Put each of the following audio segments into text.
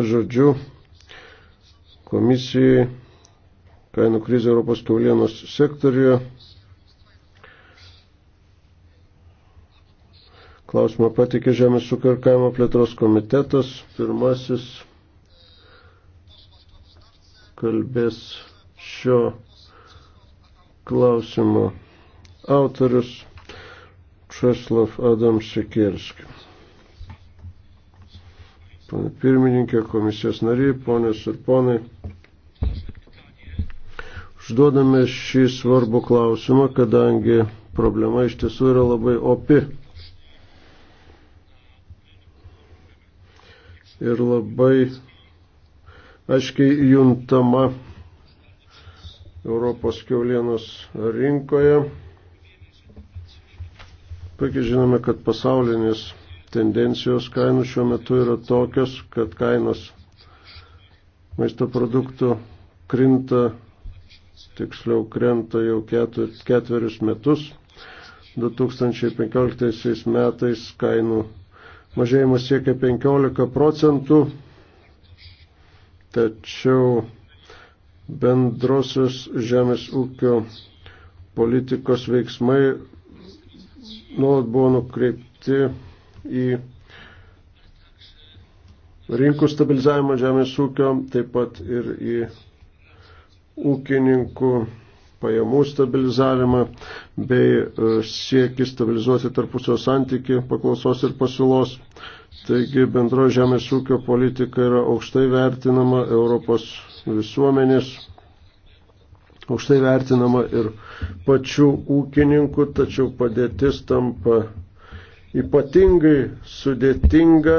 žodžiu komisijai kainų krizė Europos kiaulienos sektoriuje. Klausimą patikė Žemės ūkio ir kaimo plėtros komitetas. Pirmasis kalbės šio klausimo autorius Česlav Adam Sikirskis. Pane pirmininkė, komisijos nariai, ponės ir ponai. Užduodame šį svarbų klausimą, kadangi problema iš tiesų yra labai opi. Ir labai aiškiai juntama Europos kiaulienos rinkoje. Puikiai žinome, kad pasaulinis tendencijos kainų šiuo metu yra tokios, kad kainos maisto produktų krinta, tiksliau krenta jau ketverius metus. 2015 metais kainų mažėjimas siekia 15 procentų, tačiau bendrosios žemės ūkio politikos veiksmai nuolat buvo nukreipti į rinkų stabilizavimą žemės ūkio, taip pat ir į ūkininkų pajamų stabilizavimą bei e, siekį stabilizuoti tarpusio santyki paklausos ir pasiūlos. Taigi bendro žemės ūkio politika yra aukštai vertinama Europos visuomenės, aukštai vertinama ir pačių ūkininkų, tačiau padėtis tampa ypatingai sudėtinga.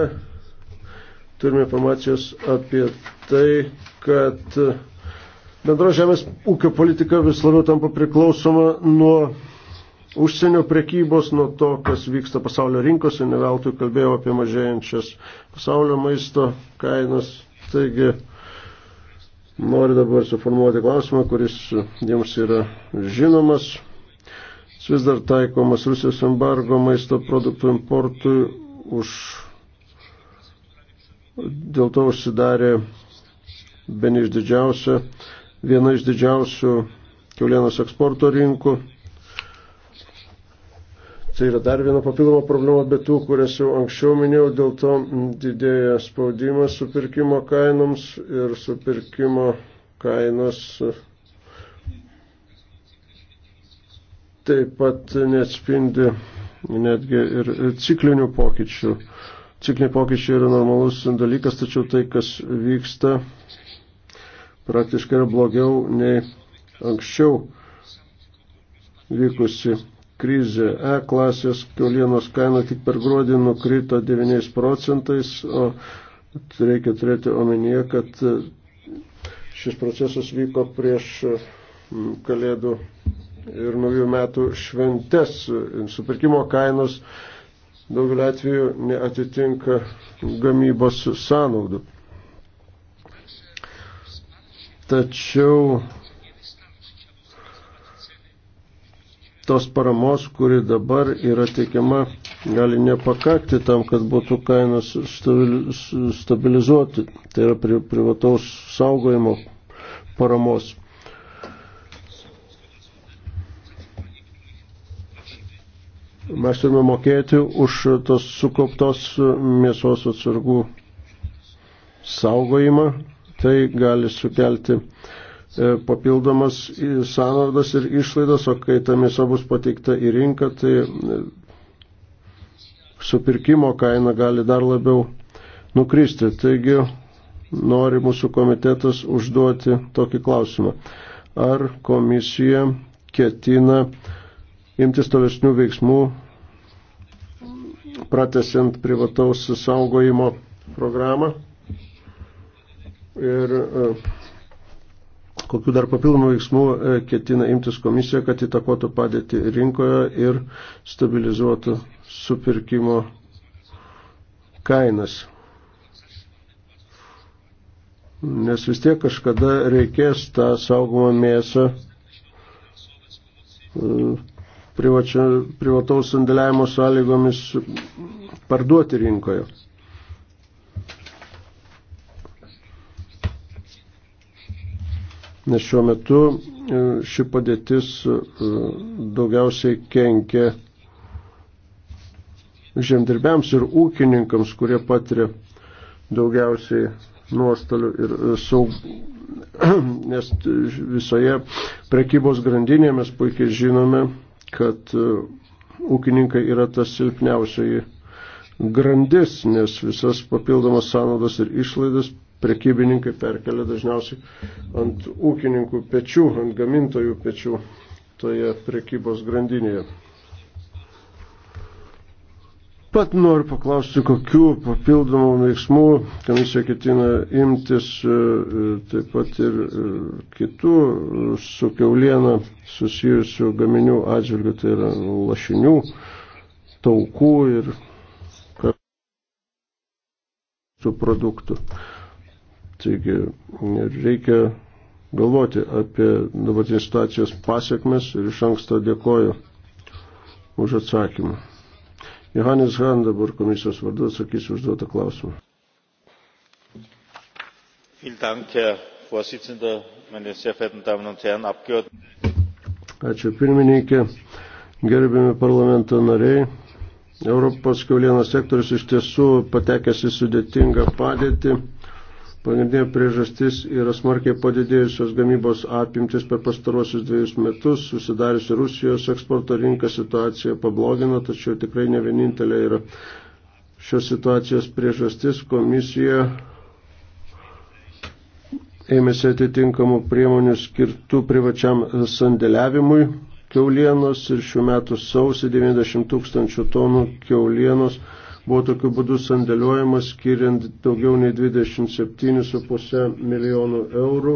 Turime informacijos apie tai, kad bendro žemės ūkio politika vis labiau tampa priklausoma nuo užsienio prekybos, nuo to, kas vyksta pasaulio rinkose. Neveltui kalbėjau apie mažėjančias pasaulio maisto kainas. Taigi, noriu dabar suformuoti klausimą, kuris jums yra žinomas vis dar taikomas Rusijos embargo maisto produktų importui už dėl to užsidarė ben iš didžiausia, viena iš didžiausių kiaulienos eksporto rinkų. Tai yra dar viena papildoma problema, bet tų, kurias jau anksčiau minėjau, dėl to didėja spaudimas supirkimo kainoms ir supirkimo kainos taip pat neatspindi netgi ir ciklinių pokyčių. Cikliniai pokyčiai yra normalus dalykas, tačiau tai, kas vyksta, praktiškai yra blogiau nei anksčiau vykusi krizė. E klasės kiaulienos kaina tik per gruodį nukrito 9 procentais, o reikia turėti omenyje, kad šis procesas vyko prieš kalėdų ir naujų metų šventes. Supirkimo kainos daugelį atveju neatitinka gamybos sąnaudų. Tačiau tos paramos, kuri dabar yra teikiama, gali nepakakti tam, kad būtų kainos stabilizuoti. Tai yra privataus saugojimo paramos mes turime mokėti už tos sukauptos mėsos atsargų saugojimą. Tai gali sukelti e, papildomas sąnaudas ir išlaidas, o kai ta mėsa bus pateikta į rinką, tai e, supirkimo kaina gali dar labiau nukristi. Taigi nori mūsų komitetas užduoti tokį klausimą. Ar komisija ketina uh, imtis tolesnių veiksmų, pratesiant privataus saugojimo programą ir e, kokiu dar papildomų veiksmų e, ketina imtis komisija, kad įtakotų padėti rinkoje ir stabilizuotų supirkimo kainas. Nes vis tiek kažkada reikės tą saugomą mėsą e, privačia, privataus sandėliavimo sąlygomis parduoti rinkoje. Nes šiuo metu e, ši padėtis e, daugiausiai kenkia žemdirbiams ir ūkininkams, kurie patiria daugiausiai nuostolių ir e, saug... nes visoje prekybos grandinėje mes puikiai žinome, kad e, ūkininkai yra tas silpniausioji grandis, nes visas papildomas sąnaudas ir išlaidas prekybininkai perkelia dažniausiai ant ūkininkų pečių, ant gamintojų pečių toje prekybos grandinėje. Pat noriu paklausti, kokiu papildomų veiksmų komisija ketina imtis e, e, taip pat ir e, kitų su keulieną susijusių gaminių atžvilgių, tai yra lašinių, taukų ir tų produktų. Taigi reikia galvoti apie dabartinės situacijos pasiekmes ir iš anksto dėkoju už atsakymą. Johannes Han dabar komisijos vardu atsakys užduotą klausimą. Ačiū pirmininkė, gerbiami parlamento nariai. Europos kiaulienos sektorius iš tiesų patekęs į sudėtingą padėtį. Pagrindinė priežastis yra smarkiai padidėjusios gamybos apimtis per pastaruosius dviejus metus, susidariusi Rusijos eksporto rinka situacija pablogino, tačiau tikrai ne vienintelė yra šios situacijos priežastis. Komisija ėmėsi atitinkamų priemonių skirtų privačiam sandėliavimui keulienos ir šių metų sausį 90 tūkstančių tonų keulienos buvo tokiu būdu sandėliuojamas, skiriant daugiau nei 27,5 milijonų eurų.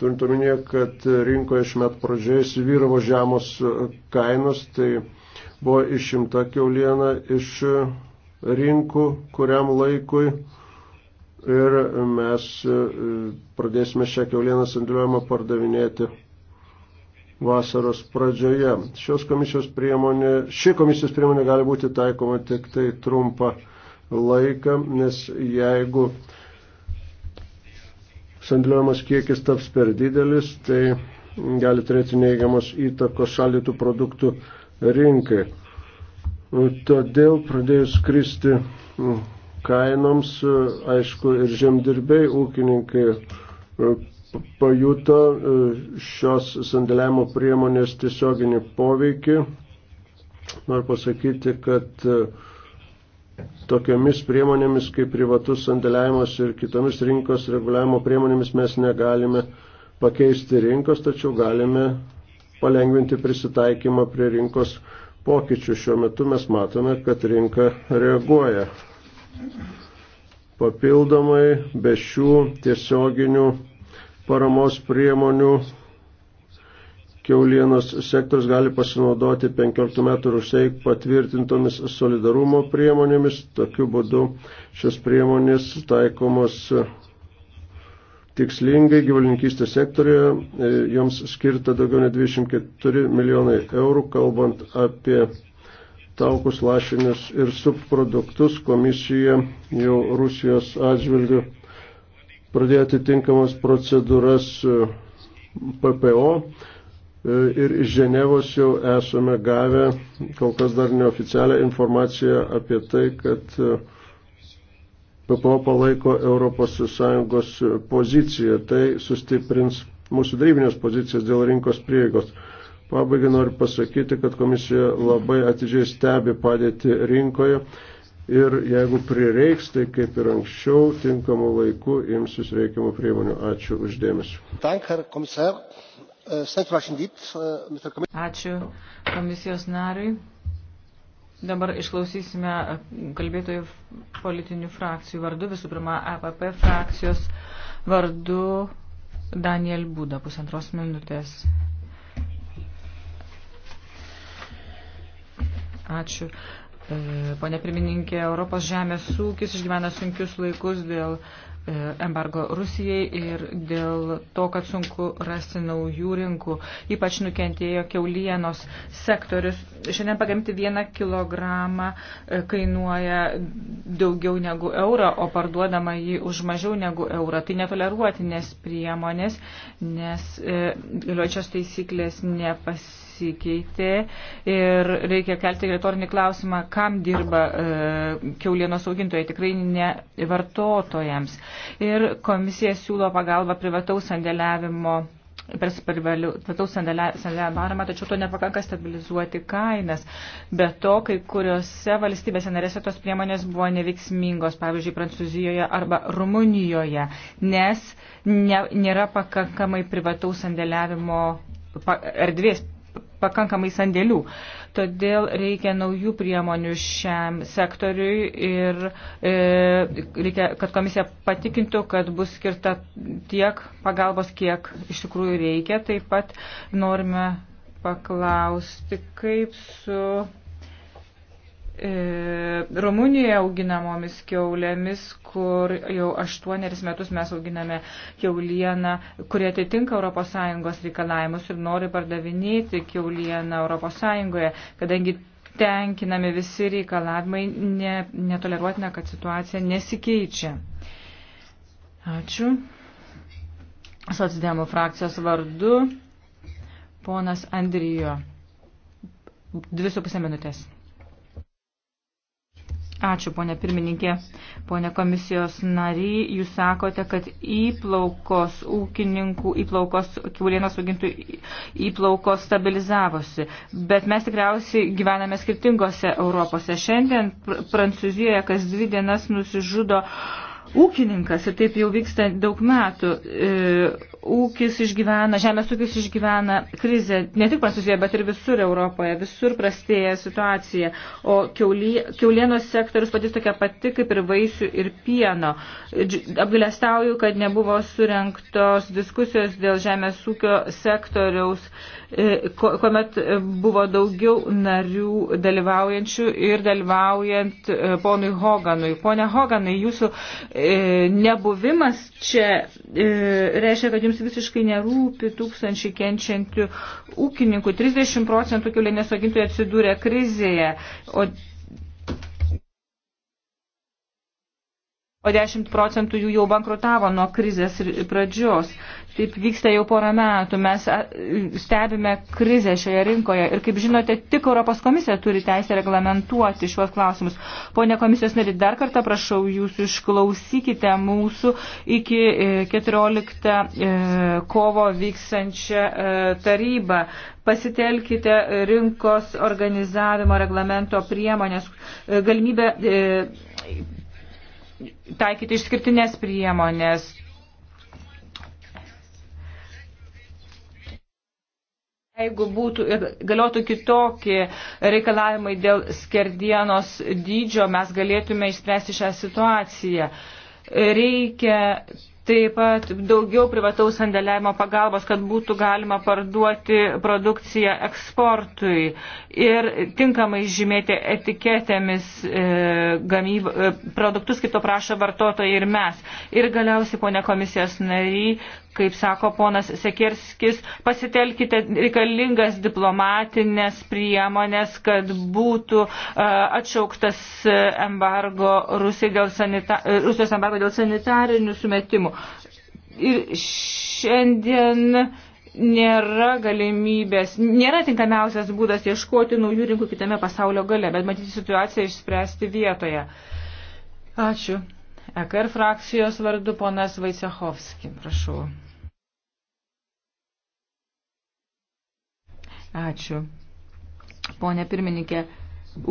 Turint omenyje, kad rinkoje iš metų pradžioje įsivyravo žemos kainos, tai buvo išimta keuliena iš rinkų kuriam laikui ir mes pradėsime šią keulieną sandėliuojamą pardavinėti vasaros pradžioje. Šios komisijos priemonė, ši komisijos priemonė gali būti taikoma tik tai trumpą laiką, nes jeigu sandėliuojamas kiekis taps per didelis, tai gali turėti neigiamos įtakos šaldytų produktų rinkai. Todėl pradėjus kristi kainoms, aišku, ir žemdirbiai, ūkininkai pajuto e, šios sandėliavimo priemonės tiesioginį poveikį. Noriu pasakyti, kad e, tokiamis priemonėmis kaip privatus sandėliavimas ir kitomis rinkos reguliavimo priemonėmis mes negalime pakeisti rinkos, tačiau galime palengvinti prisitaikymą prie rinkos pokyčių. Šiuo metu mes matome, kad rinka reaguoja. Papildomai be šių tiesioginių paramos priemonių kiaulienos sektorius gali pasinaudoti 15 metų rugsėjai patvirtintomis solidarumo priemonėmis. Tokiu būdu šios priemonės taikomos tikslingai gyvulininkystės sektorijoje. Joms skirta daugiau nei 24 milijonai eurų, kalbant apie taukus, lašinius ir subproduktus. Komisija jau Rusijos atžvilgių pradėjo atitinkamas procedūras e, PPO e, ir iš Ženevos jau esame gavę kol kas dar neoficialią informaciją apie tai, kad e, PPO palaiko ES poziciją. Tai sustiprins mūsų darybinės pozicijas dėl rinkos prieigos. Pabaigai noriu pasakyti, kad komisija labai atidžiai stebi padėti rinkoje ir jeigu prireiks, tai kaip ir anksčiau tinkamu laiku imsis reikiamų priemonių. Ačiū uždėmesi. Äh, äh, Ačiū komisijos nariui. Dabar išklausysime kalbėtojų politinių frakcijų vardu. Visų pirma, APP e frakcijos vardu Daniel Būda, pusantros minutės. Ačiū. E, Pone pirmininkė, Europos žemės ūkis išgyvena sunkius laikus dėl e, embargo Rusijai ir dėl to, kad sunku rasti naujų rinkų. Ypač nukentėjo keulienos sektorius. Šiandien pagaminti vieną kilogramą e, kainuoja daugiau negu eurą, o parduodama jį už mažiau negu eurą. Tai netoleruotinės priemonės, nes galiojančios taisyklės nepasiekia pasikeitė ir reikia kelti retorinį klausimą, kam dirba e, keulienos augintojai, tikrai ne vartotojams. Ir komisija siūlo pagalbą privataus sandėliavimo per plataus sandėlę baramą, tačiau to nepakanka stabilizuoti kainas. Be to, kai kuriuose valstybėse narėse tos priemonės buvo neveiksmingos, pavyzdžiui, Prancūzijoje arba Rumunijoje, nes ne, nėra pakankamai privataus sandėliavimo erdvės pakankamai sandėlių. Todėl reikia naujų priemonių šiam sektoriui ir e, reikia, kad komisija patikintų, kad bus skirta tiek pagalbos, kiek iš tikrųjų reikia. Taip pat norime paklausti, kaip su E, Rumunijoje auginamomis keulėmis, kur jau aštuoneris metus mes auginame keulieną, kurie atitinka ES reikalavimus ir nori pardavinėti keulieną ES, kadangi tenkinami visi reikalavimai, ne, netoleruotina, kad situacija nesikeičia. Ačiū. Socialdemų frakcijos vardu ponas Andrijo. Dvi su pusė minutės. Ačiū, ponė pirmininkė. Pone komisijos nary, jūs sakote, kad įplaukos ūkininkų, įplaukos kiaulienos augintų įplaukos stabilizavosi. Bet mes tikriausiai gyvename skirtingose Europose. Šiandien Prancūzijoje kas dvi dienas nusižudo uh, ūkininkas ir taip jau vyksta daug metų. E, ūkis išgyvena, žemės ūkis išgyvena krizę ne tik Prancūzijoje, bet ir visur Europoje, visur prastėja situacija, o keulienos sektorius patys tokia pati kaip ir vaisių ir pieno. Apgalėstauju, kad nebuvo surinktos diskusijos dėl žemės ūkio sektoriaus, e, kuomet buvo daugiau narių dalyvaujančių ir dalyvaujant e, ponui Hoganui. Pone Hoganai, jūsų E, nebuvimas čia e, reiškia, kad jums visiškai nerūpi tūkstančiai kenčiančių ūkininkų. 30 procentų kiaulienės augintojų atsidūrė krizėje, o o 10 procentų jų jau bankrutavo nuo krizės pradžios. Taip vyksta jau porą metų. Mes stebime krizę šioje rinkoje ir, kaip žinote, tik Europos komisija turi teisę reglamentuoti šiuos klausimus. Pone komisijos nari, dar kartą prašau jūsų išklausykite mūsų iki 14 e, e, kovo vyksančią e, tarybą. Pasitelkite rinkos organizavimo reglamento priemonės galimybę taikyti išskirtinės priemonės. Jeigu būtų ir galiotų kitokie reikalavimai dėl skerdienos dydžio, mes galėtume išspręsti šią situaciją. Reikia Taip pat daugiau privataus sandėliavimo pagalbos, kad būtų galima parduoti produkciją eksportui ir tinkamai žymėti etiketėmis e, gamyb, e, produktus, kaip to prašo vartotojai ir mes. Ir galiausiai, ponė komisijos nariai, kaip sako ponas Sekirskis, pasitelkite reikalingas diplomatinės priemonės, kad būtų e, atšauktas embargo Rusijos, sanita, e, Rusijos embargo dėl sanitarinių sumetimų. Ir šiandien nėra galimybės, nėra tinkamiausias būdas ieškoti naujų rinkų kitame pasaulio gale, bet matyti situaciją išspręsti vietoje. Ačiū. EKR frakcijos vardu ponas Vaisehovski, prašau. Ačiū. Pone pirmininkė,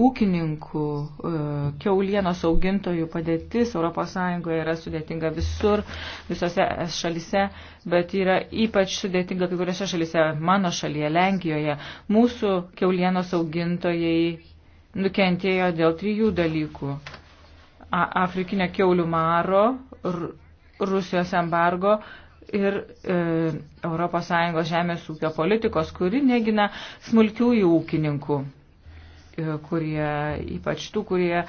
ūkininkų, e, keulienos augintojų padėtis ES yra sudėtinga visur, visose šalise, bet yra ypač sudėtinga kai kuriuose šalise, mano šalyje, Lenkijoje. Mūsų keulienos augintojai nukentėjo dėl trijų dalykų. Afrikinio keulių maro, Rusijos embargo ir e, ES žemės ūkio politikos, kuri negina smulkiųjų ūkininkų, e, kurie, ypač tų, kurie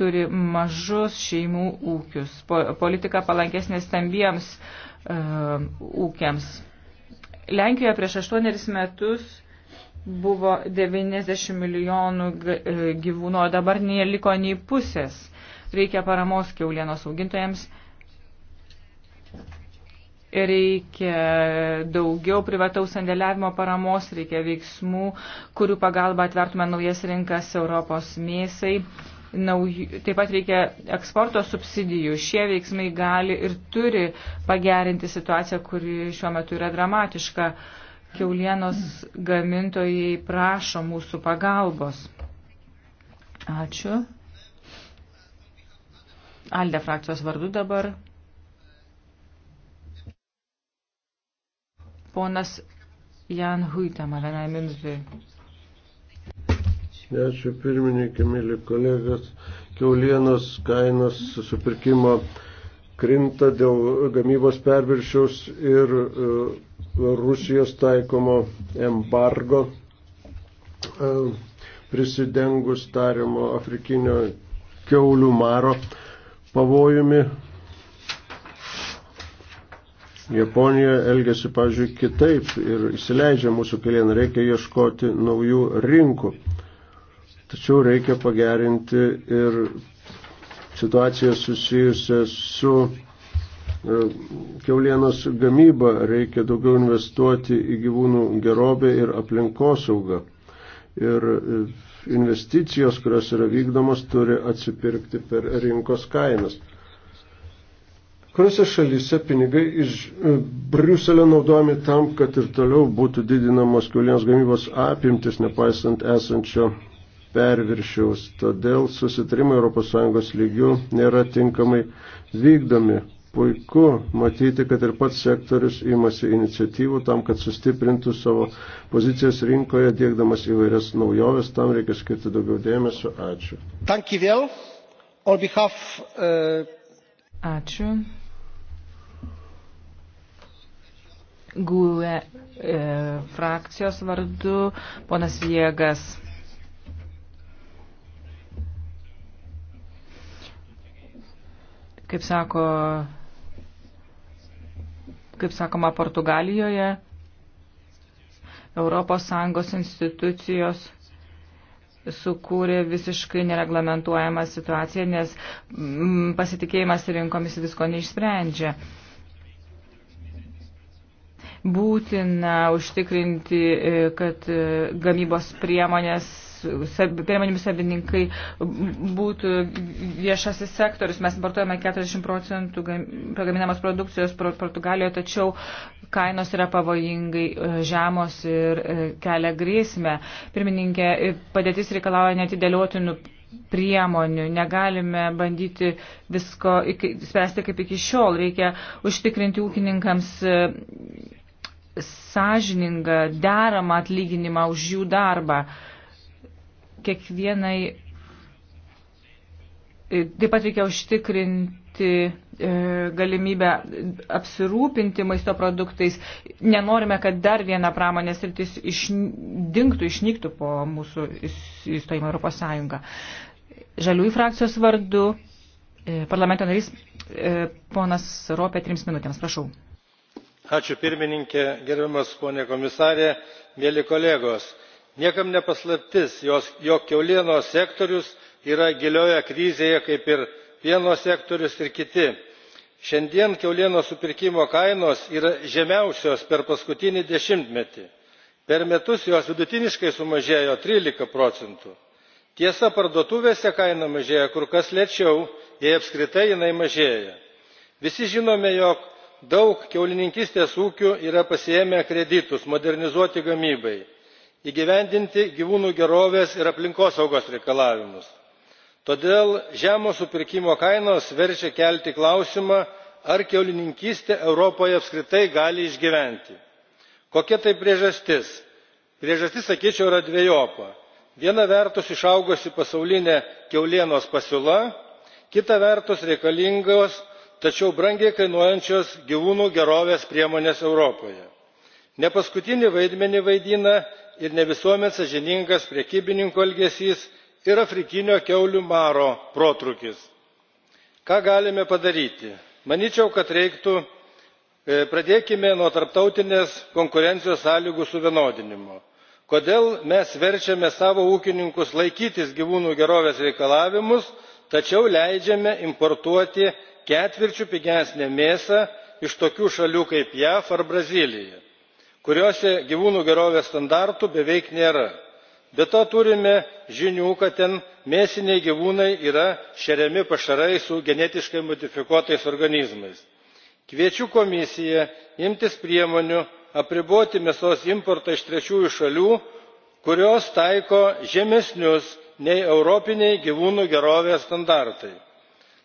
turi mažus šeimų ūkius. Po, politika palankesnė stambiems e, ūkiams. Lenkijoje prieš aštuoneris metus buvo 90 milijonų e, gyvūnų, o dabar neliko nei pusės reikia paramos kiaulienos augintojams, reikia daugiau privataus sandėliavimo paramos, reikia veiksmų, kurių pagalba atvertume naujas rinkas Europos mėsai. Naujų, taip pat reikia eksporto subsidijų. Šie veiksmai gali ir turi pagerinti situaciją, kuri šiuo metu yra dramatiška. Kiaulienos gamintojai prašo mūsų pagalbos. Ačiū. Alde frakcijos vardu dabar. Ponas Jan Huitama, vienai minutė. Ačiū pirmininkė, mėly kolegas. Kiaulienos kainos supirkimo krinta dėl gamybos perviršiaus ir e, Rusijos taikomo embargo e, prisidengus tariamo afrikinio keulių maro pavojumi. Japonija elgesi, pažiūrėjau, kitaip ir įsileidžia mūsų kelieną, reikia ieškoti naujų rinkų. Tačiau reikia pagerinti ir situaciją susijusią su e, keulienos gamyba, reikia daugiau investuoti į gyvūnų gerovę ir aplinkosaugą. Ir e, investicijos, kurios yra vykdomos, turi atsipirkti per rinkos kainas. Kuriuose šalyse pinigai iš e, Briuselio naudojami tam, kad ir toliau būtų didinamos kiaulienos gamybos apimtis, nepaisant esančio perviršiaus. Todėl susitarimai ES lygių nėra tinkamai vykdomi puiku matyti, kad ir pats sektorius imasi iniciatyvų tam, kad sustiprintų savo pozicijas rinkoje, dėkdamas įvairias naujoves, tam reikia skirti daugiau dėmesio. Ačiū. Uh, Ačiū. GUE e, frakcijos vardu ponas Viegas. Kaip sako Kaip sakoma, Portugalijoje ES institucijos sukūrė visiškai nereglamentuojamą situaciją, nes mm, pasitikėjimas rinkomis visko neišsprendžia. Būtina užtikrinti, e, kad e, gamybos priemonės priemonių savininkai būtų viešasis sektorius. Mes importuojame 40 procentų pagaminamos produkcijos Portugalijoje, tačiau kainos yra pavojingai e, žemos ir e, kelia grėsmę. Pirmininkė, e, padėtis reikalauja netidėliotinų priemonių, negalime bandyti visko iki, spręsti kaip iki šiol, reikia užtikrinti ūkininkams sąžiningą, deramą atlyginimą už jų darbą. Uh, kiekvienai. E, taip pat reikia užtikrinti e, galimybę apsirūpinti maisto produktais. Nenorime, kad dar viena pramonės rytis išdinktų, išnyktų po mūsų įstojimo Europos Sąjungą. Žaliųjų frakcijos vardu e, parlamento narys ponas Ropė trims minutėms. Prašau. Ačiū pirmininkė, gerbiamas ponė komisarė, mėly kolegos niekam ne paslaptis jog kiaulienos sektorius yra gilioje krizėje kaip ir pieno sektorius ir kiti. šiandien kiaulienos supirkimo kainos yra žemiausios per paskutinį dešimtmetį per metus jos vidutiniškai sumažėjo trylika procentų. tiesa parduotuvėse kaina mažėja kur kas lėčiau jei apskritai jinai mažėja. visi žinome jog daug kiaulininkystės ūkių yra pasiėmę kreditus modernizuoti gamybai įgyvendinti gyvūnų gerovės ir aplinkosaugos reikalavimus. todėl žemos supirkimo kainos verčia kelti klausimą ar kiaulininkystė europoje apskritai gali išgyventi. kokia tai priežastis? priežastis sakyčiau yra dvejopa viena vertus išaugusi pasaulinė kiaulienos pasiūla kita vertus reikalingos tačiau brangiai kainuojančios gyvūnų gerovės priemonės europoje. ne paskutinį vaidmenį vaidina ir ne visuomet sąžiningas prekybininkų elgesys ir afrikinio kiaulių maro protrūkis. ką galime padaryti? manyčiau kad reiktų e, pradėkime nuo tarptautinės konkurencijos sąlygų suvienodinimo. kodėl mes verčiame savo ūkininkus laikytis gyvūnų gerovės reikalavimų tačiau leidžiame importuoti ketvirčiu pigesnę mėsą iš tokių šalių kaip jav ar brazilija? kuriose gyvūnų gerovės standartų beveik nėra. be to turime žinių kad ten mėsiniai gyvūnai yra šeriami pašarais su genetiškai modifikuotais organizmais. kviečiu komisiją imtis priemonių apriboti mėsos importą iš trečiųjų šalių kurios taiko žemesnius nei europiniai gyvūnų gerovės standartai.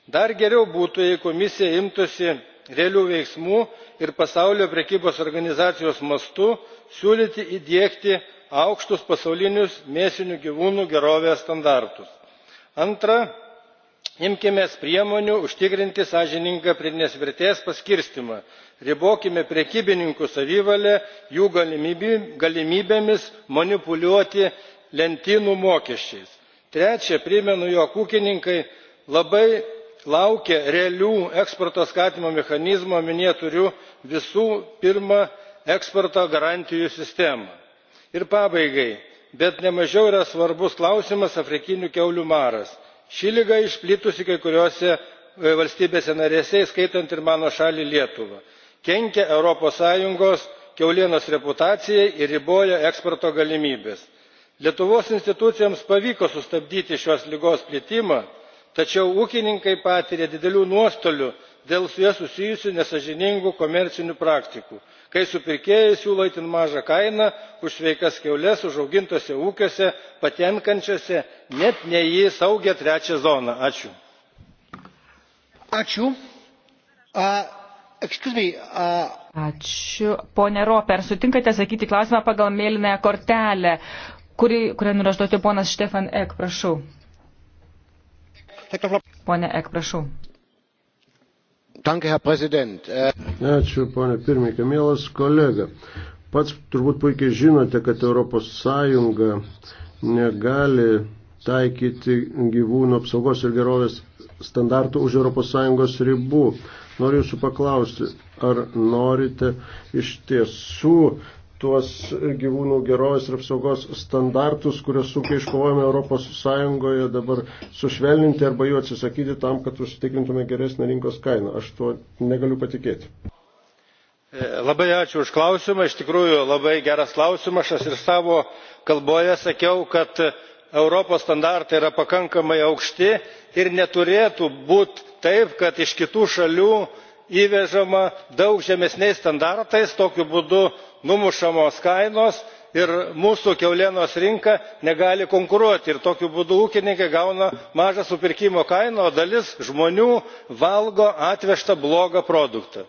dar geriau būtų jei komisija imtųsi realių veiksmų ir pasaulio prekybos organizacijos mastu siūlyti įdiegti aukštus pasaulinius mėsinių gyvūnų gerovės standartus. antra imkimės priemonių užtikrinti sąžiningą pridėtinės vertės paskirstymą ribokime prekybininkų savivalę jų galimybėmis manipuliuoti lentynų mokesčiais. trečia primenu jog ūkininkai labai laukia realių eksporto skatinimo mechanizmų omenyje turiu visų pirma eksporto garantijų sistemą. ir pabaigai bet nemažiau yra svarbus klausimas afrikinių kiaulių maras. ši liga išplitusi kai kuriose e, valstybėse narėse įskaitant ir mano šalį lietuvą kenkia europos sąjungos kiaulienos reputacijai ir riboja eksporto galimybes. lietuvos institucijoms pavyko sustabdyti šios ligos plitimą tačiau ūkininkai patiria didelių nuostolių dėl su ja susijusių nesąžiningų komercinių praktikų kai supirkėjai siūlo itin mažą kainą už sveikas kiaules užaugintuose ūkiuose patenkančias net ne į saugią trečią zoną. Ačiū. Pone Roper, sutinkate atsakyti klausimą pagal mėlynąją kortelę, kurį, kurią nurašduoti ponas Štefan Ek, prašau. Pone Ek, prašau. Äh, Ačiū, ponė pirmininkė. Mielas kolega, pats turbūt puikiai žinote, kad ES negali taikyti gyvūnų apsaugos ir gerovės standartų už ES ribų. Noriu jūsų paklausti, ar norite iš tiesų tuos gyvūnų gerovės ir apsaugos standartus, kuriuos sunkiai iškovojame Europos Sąjungoje, dabar sušvelninti arba jų atsisakyti tam, kad užsitikrintume geresnę rinkos kainą. Aš tuo negaliu patikėti. E, labai ačiū už klausimą, iš tikrųjų labai geras klausimas. Aš ir savo kalboje sakiau, kad europos standartai yra pakankamai aukšti ir neturėtų būti taip kad iš kitų šalių įvežama daug žemesniais standartais tokiu būdu numušamos kainos ir mūsų kiaulienos rinka negali konkuruoti ir tokiu būdu ūkininkai gauna mažą supirkimo kainą o dalis žmonių valgo atvežtą blogą produktą.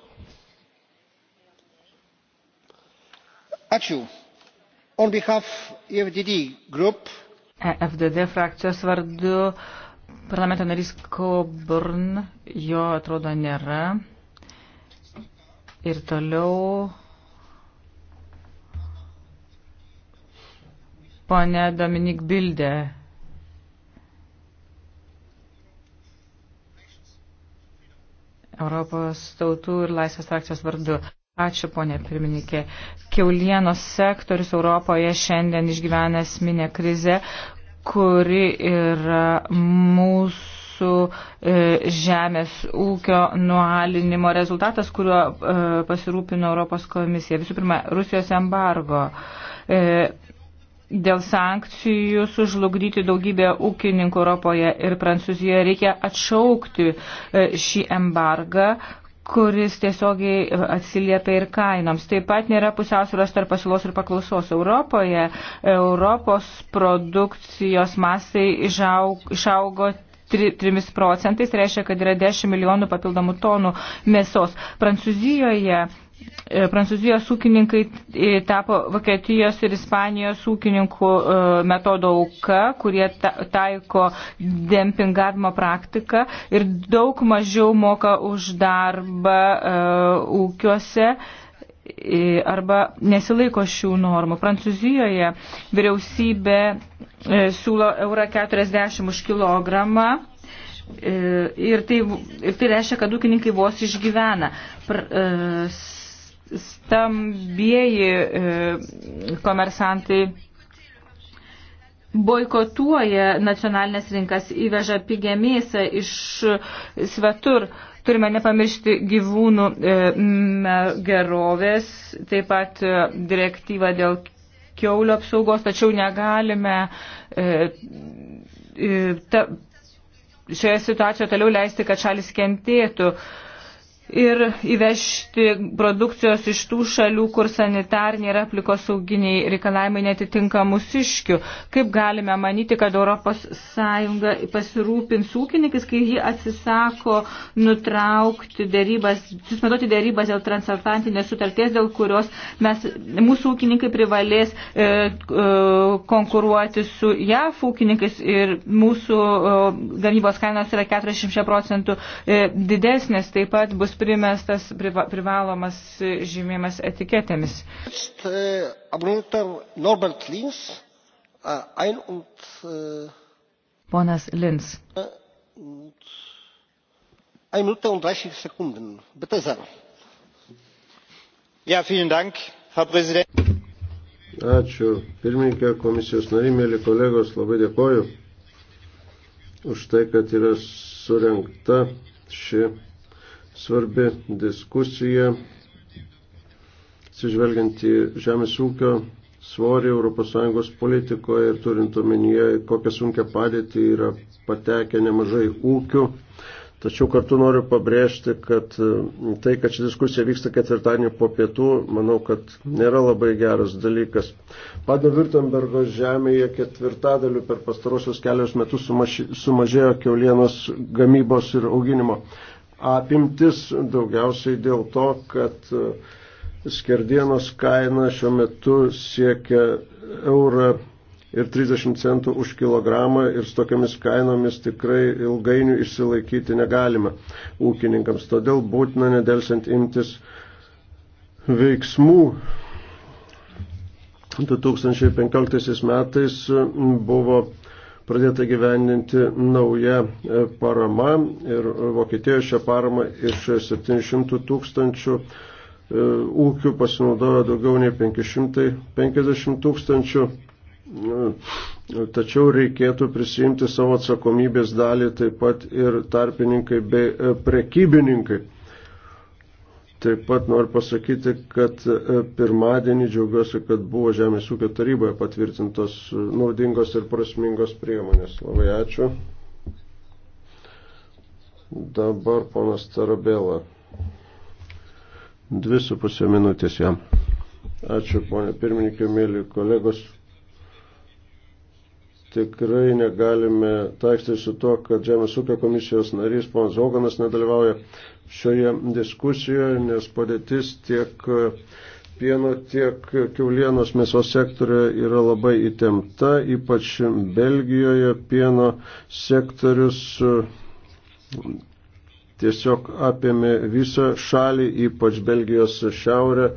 efdd e e frakcijos vardu parlamento narys coburn jo atrodo nėra. Ir toliau ponė Dominik Bildė. Europos tautų ir laisvės frakcijos vardu. Ačiū, ponė pirmininkė. Keulienos sektorius Europoje šiandien išgyvena esminę krizę, kuri yra mūsų su e, žemės ūkio nualinimo rezultatas, kuriuo e, pasirūpino Europos komisija. Visų pirma, Rusijos embargo. E, dėl sankcijų sužlugdyti daugybę ūkininkų Europoje ir Prancūzijoje reikia atšaukti šį embargą, kuris tiesiogiai atsiliepia ir kainoms. Taip pat nėra pusiausvėros tarp pasiūlos ir paklausos. Europoje Europos produkcijos masai išaugo 3 procentais, tai reiškia, kad yra 10 milijonų papildomų tonų mėsos. Prancūzijoje e, Prancūzijos ūkininkai e, tapo Vokietijos ir Ispanijos ūkininkų e, metodo auka, kurie taiko dempingavimo praktiką ir daug mažiau moka už darbą ūkiuose. Uh, arba nesilaiko šių normų. Prancūzijoje vyriausybė e, siūlo eurą 40 už kilogramą e, ir tai, ir tai reiškia, kad ūkininkai vos išgyvena. Pr, e, stambieji komersantai boikotuoja nacionalinės rinkas, įveža pigią mėsą iš svetur. E, Turime nepamiršti gyvūnų e, gerovės, taip pat e, direktyvą dėl kiaulio apsaugos, tačiau negalime e, ta, šioje situacijoje toliau leisti, kad šalis kentėtų. E, ir įvežti produkcijos iš tų šalių, kur sanitarniai ir aplikosauginiai reikalavimai netitinka musiškių. Kaip galime manyti, kad ES pasirūpins ūkininkis, kai ji atsisako nutraukti dėrybas, susmeduoti dėrybas dėl transatlantinės sutarties, dėl kurios mes, mūsų ūkininkai privalės e, e, konkuruoti su JAF ūkininkais ir mūsų e, gamybos kainos yra 46 procentų e, didesnės, taip pat bus primestas priva, privalomas žymėjimas etiketėmis. Äh, äh, äh, Ponas Lins. Ačiū pirmininkė komisijos nariai, mėly kolegos, labai dėkoju už tai, kad yra surinkta ši svarbi diskusija, sižvelgiant į žemės ūkio svorį ES politikoje ir turint omenyje, kokią sunkę padėtį yra patekę nemažai ūkių. Tačiau kartu noriu pabrėžti, kad mm, tai, kad ši diskusija vyksta ketvirtadienį po pietų, manau, kad nėra labai geras dalykas. Padno Virtembergo žemėje ketvirtadaliu per pastarosius kelius metus sumažėjo keulienos gamybos ir auginimo apimtis daugiausiai dėl to, kad e, skerdienos kaina šiuo metu siekia eurą ir 30 centų už kilogramą ir su tokiamis kainomis tikrai ilgainių išsilaikyti negalime ūkininkams. Todėl būtina nedelsiant imtis veiksmų. 2015 metais buvo pradėta gyveninti nauja e, parama ir Vokietijoje šią paramą iš 700 tūkstančių e, ūkių pasinaudojo daugiau nei 550 tūkstančių, e, tačiau reikėtų prisimti savo atsakomybės dalį taip pat ir tarpininkai bei prekybininkai. Taip pat noriu pasakyti, kad e, pirmadienį džiaugiuosi, kad buvo Žemės ūkio taryboje patvirtintos e, naudingos ir prasmingos priemonės. Labai ačiū. Dabar ponas Tarabėla. Dvi su pusė minutės jam. Ačiū, ponė pirmininkė, mėly kolegos tikrai negalime taikstyti su to, kad Žemės ūkio komisijos narys ponas Hoganas nedalyvauja šioje diskusijoje, nes padėtis tiek e, pieno, tiek kiaulienos mėsos sektorioje yra labai įtempta, ypač Belgijoje pieno sektorius e, tiesiog apėmė visą šalį, ypač Belgijos šiaurę,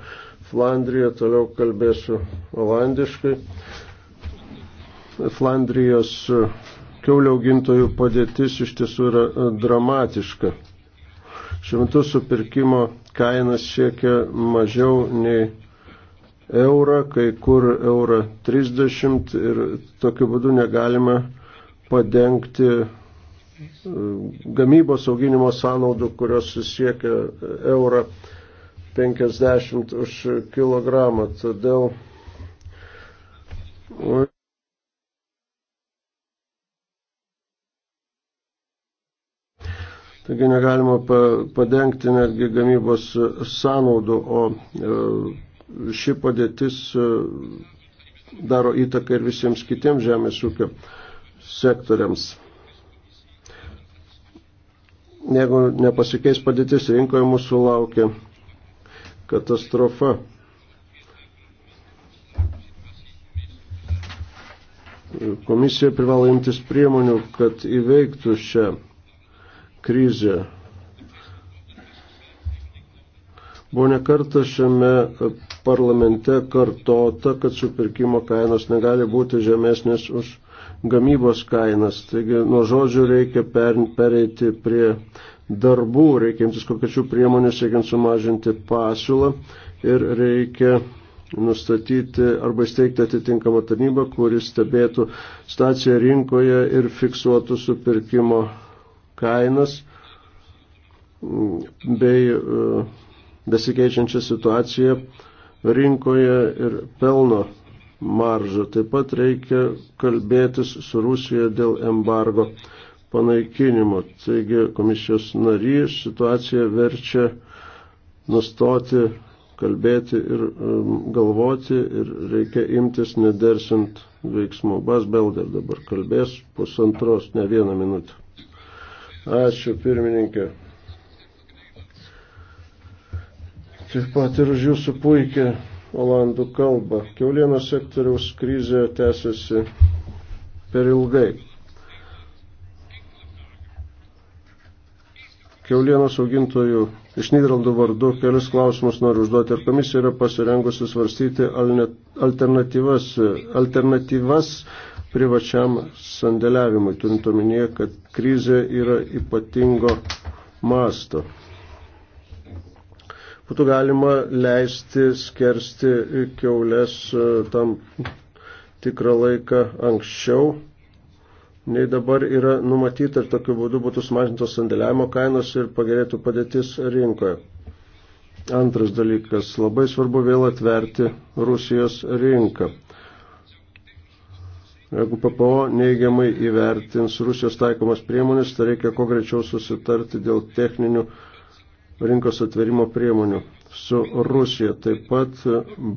Flandriją, toliau kalbėsiu olandiškai. Flandrijos kiaulio augintojų padėtis iš tiesų yra e, dramatiška. Šiuo metu supirkimo kainas siekia mažiau nei eurą, kai kur eurą 30 ir tokiu būdu negalima padengti e, gamybos auginimo sąnaudų, kurios siekia eurą 50 už kilogramą. Todėl Taigi negalima padengti netgi gamybos sąnaudų, o e, ši padėtis e, daro įtaką ir visiems kitiems žemės ūkio sektoriams. Jeigu nepasikeis padėtis rinkoje, mūsų laukia katastrofa. Komisija privalo imtis priemonių, kad įveiktų šią krizę. Buvo nekarta šiame parlamente kartota, kad supirkimo kainos negali būti žemesnės už gamybos kainas. Taigi nuo žodžių reikia per, pereiti prie darbų, reikia imtis kokiačių priemonių, siekiant sumažinti pasiūlą ir reikia nustatyti arba įsteigti atitinkamą tarnybą, kuris stebėtų staciją rinkoje ir fiksuotų supirkimo kainas bei e, besikeičiančią situaciją rinkoje ir pelno maržą. Taip pat reikia kalbėtis su Rusija dėl embargo panaikinimo. Taigi komisijos nary situacija verčia nustoti kalbėti ir um, galvoti ir reikia imtis nedersint veiksmų. Bas Belder dabar kalbės pusantros, ne vieną minutę. Ačiū pirmininkė. Taip pat ir už jūsų puikia olandų kalba. Kiaulienos sektoriaus krizė tęsiasi per ilgai. Kiaulienos augintojų iš Niderlandų vardu kelis klausimus noriu užduoti. Ar komisija yra pasirengusi svarstyti alternatyvas, alternatyvas privačiam sandėliavimui, turint omenyje, kad krizė yra ypatingo masto. Būtų galima leisti skersti keulės e, tam tikrą laiką anksčiau, nei dabar yra numatyta ir tokiu būdu būtų sumažintos sandėliavimo kainos ir pagerėtų padėtis rinkoje. Antras dalykas, labai svarbu vėl atverti Rusijos rinką. Jeigu PPO neigiamai įvertins Rusijos taikomas priemonės, tai reikia kuo greičiau susitarti dėl techninių rinkos atverimo priemonių su Rusija. Taip pat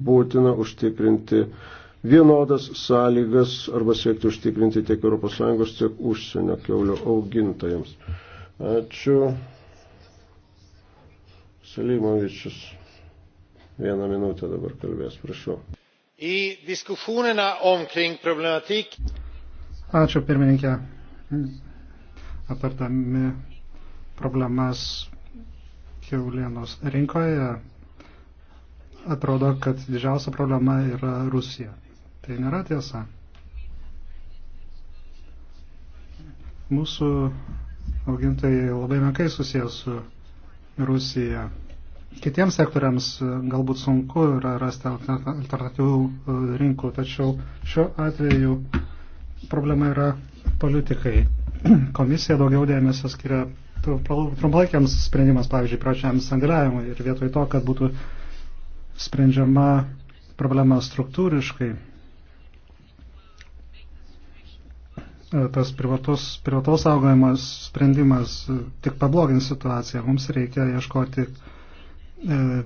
būtina užtikrinti vienodas sąlygas arba siekti užtikrinti tiek ES, tiek užsienio keulio augintojams. Ačiū. Salimovičius. Vieną minutę dabar kalbės, prašau į diskussioną omkring problematik. Ačiū pirmininkė. Apartami problemas kiaulienos rinkoje atrodo, kad didžiausia problema yra Rusija. Tai nėra tiesa. Mūsų augintojai labai menkai susijęs su Rusija. Kitiems sektoriams e, galbūt sunku yra rasti alternatyvų e, rinkų, tačiau šiuo atveju problema yra politikai. Komisija daugiau dėmesio skiria trumpalaikiams sprendimas, pavyzdžiui, pračiam sandėliavimui ir vietoj to, kad būtų sprendžiama problema struktūriškai, e, tas privatos, privataus saugojimas sprendimas tik pablogins situaciją. Mums reikia ieškoti E,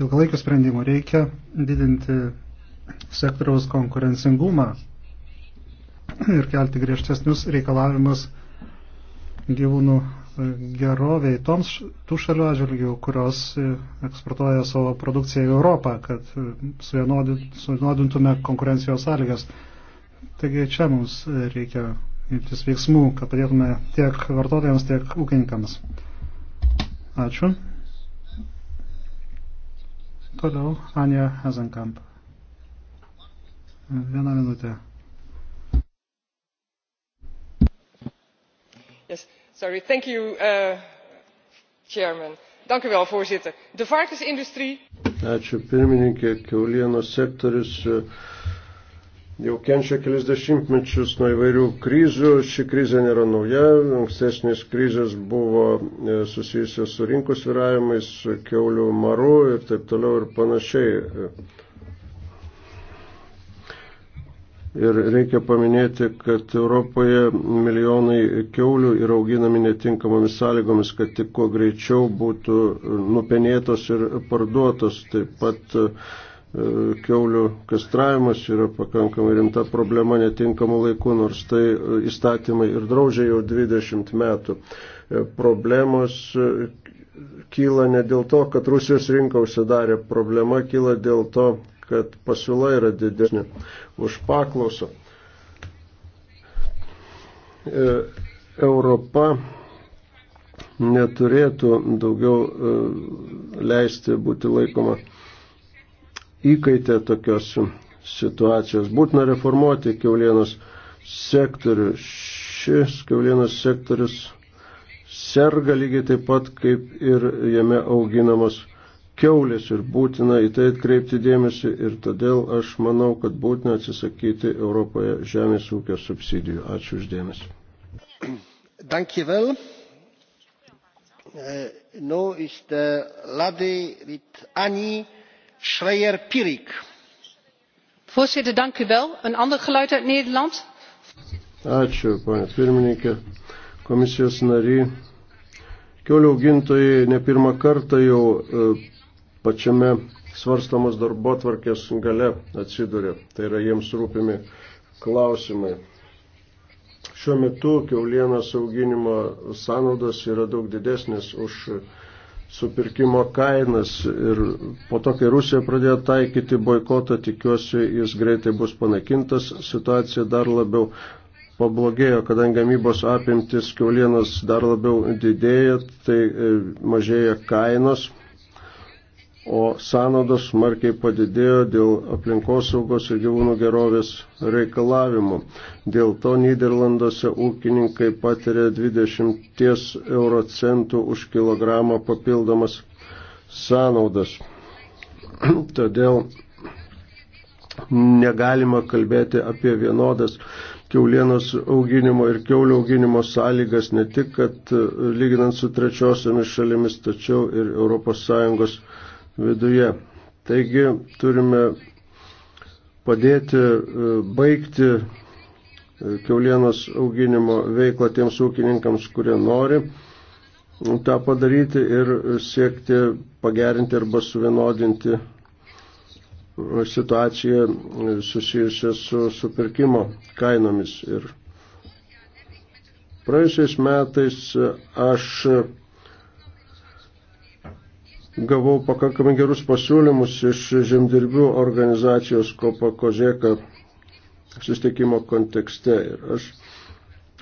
ilgalaikių sprendimų. Reikia didinti sektoriaus konkurencingumą ir kelti griežtesnius reikalavimus gyvūnų e, geroviai toms tų šalių atžvilgių, kurios e, eksportuoja savo produkciją į Europą, kad suvienodintume konkurencijos sąlygas. Taigi čia mums reikia imtis veiksmų, kad padėtume tiek vartotojams, tiek ūkininkams. Ačiū. Toliau Anja Hazenkamp. Vieną minutę. Yes, sorry. Thank you, uh, chairman. Dank u wel, voorzitter. De varkensindustrie. Ačiū pirmininkė, kiaulienos sektorius. Uh, jau kenčia kelis dešimtmečius nuo įvairių krizių. Ši krizė nėra nauja. Ankstesnės krizės buvo e, susijusios su rinkos viravimais, su keulių maru ir taip toliau ir panašiai. Ir reikia paminėti, kad Europoje milijonai keulių yra auginami netinkamomis sąlygomis, kad tik kuo greičiau būtų nupenėtos ir parduotos. Taip pat uh, E, keulių kastravimas yra pakankamai rimta problema netinkamų laikų, nors tai e, įstatymai ir draužia jau 20 metų. E, problemos kyla ne dėl to, kad Rusijos rinka užsidarė, problema kyla dėl to, kad pasiūla yra didesnė už paklausą. Europa neturėtų daugiau leisti būti laikoma įkaitė tokios situacijos. Būtina reformuoti keulienos sektorių. Šis keulienos sektorius serga lygiai taip pat, kaip ir jame auginamos keulės ir būtina į tai atkreipti dėmesį ir todėl aš manau, kad būtina atsisakyti Europoje žemės ūkio subsidijų. Ačiū uždėmesį. Dankjewel. Uh, nu is de lady with Annie voorzitter een ander geluid uit nederland. ačiū pone pirmininke komisijos nary kiaulių augintojai ne pirmą kartą jau e, pačiame svarstamos darbotvarkės gale atsiduria tai yra jiems rūpimi klausimai. Šiuo metu keulienos auginimo sąnaudos yra daug didesnės už supirkimo kainas ir po to, kai Rusija pradėjo taikyti boikotą, tikiuosi, jis greitai bus panaikintas, situacija dar labiau pablogėjo, kadangi gamybos apimtis kiaulienos dar labiau didėja, tai e, mažėja kainos o sąnaudos smarkiai padidėjo dėl aplinkosaugos ir gyvūnų gerovės reikalavimų. Dėl to Niderlanduose ūkininkai patiria 20 euro centų už kilogramą papildomas sąnaudas. Todėl negalima kalbėti apie vienodas keulienos auginimo ir keulio auginimo sąlygas ne tik, kad lyginant su trečiosiomis šalimis, tačiau ir ES viduje. Taigi turime padėti e, baigti e, keulienos auginimo veiklą tiems ūkininkams, kurie nori tą padaryti ir siekti pagerinti arba suvienodinti e, situaciją susijusią su supirkimo kainomis. Ir praėjusiais metais aš gavau pakankamai gerus pasiūlymus iš žemdirbių organizacijos Kopa Kožeka sustikimo kontekste. Ir aš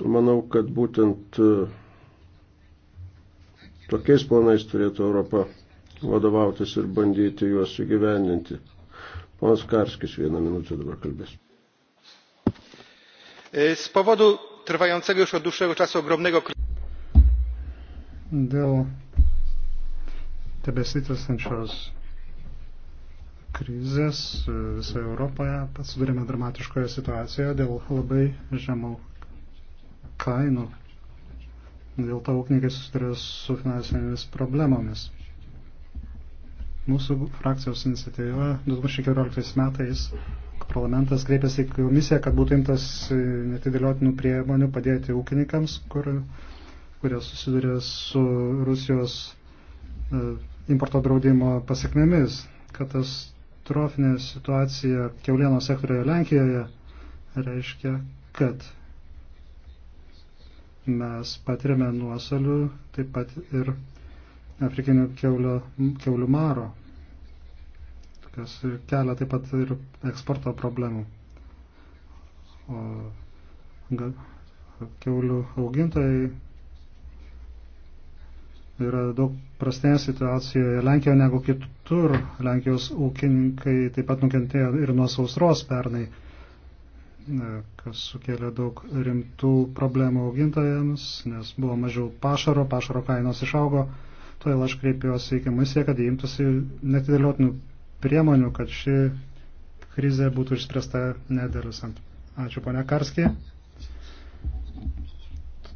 manau, kad būtent e, tokiais planais turėtų Europa vadovautis ir bandyti juos įgyvendinti. Ponas Karskis vieną minutę dabar kalbės. E, z powodu trwającego już od dłuższego czasu ogromnego kryzysu. Dėl tebesitęsančios krizės e, visoje Europoje atsidūrėme dramatiškoje situacijoje dėl labai žemų kainų. Dėl to ūkininkai susiduria su finansinėmis problemomis. Mūsų frakcijos iniciatyva 2014 metais parlamentas kreipėsi į komisiją, kad būtų imtas netidėliotinų priemonių padėti ūkininkams, kur, kurie susiduria su Rusijos e, importo draudimo pasiekmėmis. Katastrofinė situacija keulieno sektorioje Lenkijoje reiškia, kad mes patiriame nuosalių taip pat ir afrikinių keulio, keulių maro, kas kelia taip pat ir eksporto problemų. O keulių augintojai yra daug prastesnė situacija Lenkijoje negu kitur. Lenkijos ūkininkai taip pat nukentėjo ir nuo sausros pernai, e, kas sukėlė daug rimtų problemų augintojams, nes buvo mažiau pašaro, pašaro kainos išaugo. Todėl aš kreipiuosi į komisiją, kad įimtųsi netidėliotinų priemonių, kad ši krizė būtų išspręsta nedėlisant. Ačiū, ponia Karski.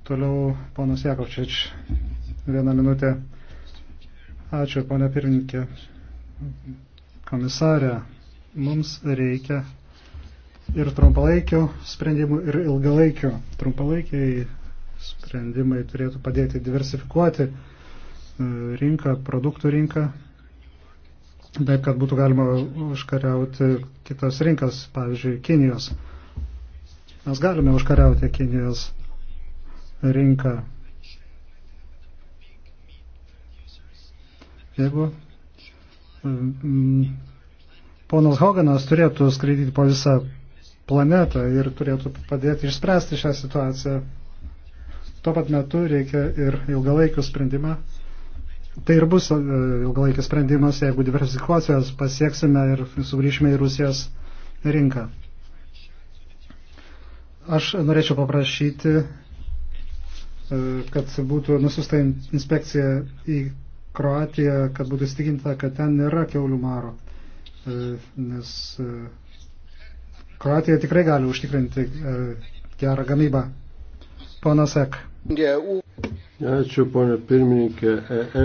Toliau ponas Jakovčič. Vieną minutę. Ačiū, ponia pirmininkė. Komisarė, mums reikia ir trumpalaikių sprendimų, ir ilgalaikių. Trumpalaikiai sprendimai turėtų padėti diversifikuoti e, rinką, produktų rinką, taip, kad būtų galima užkariauti kitas rinkas, pavyzdžiui, Kinijos. Mes galime užkariauti Kinijos rinką Jeigu mm, ponas Hoganas turėtų skraidyti po visą planetą ir turėtų padėti išspręsti šią situaciją. Tuo pat metu reikia ir ilgalaikių sprendimą. Tai ir bus e, ilgalaikis sprendimas, jeigu diversifikacijos pasieksime ir sugrįšime į Rusijos rinką. Aš norėčiau paprašyti, e, kad būtų nusiusta inspekcija į Kroatiją, kad būtų įstikinta, kad ten nėra keulių maro. E, nes e, Kroatija tikrai gali užtikrinti e, gerą gamybą. Ponas Ek. Ačiū, ponė pirmininkė.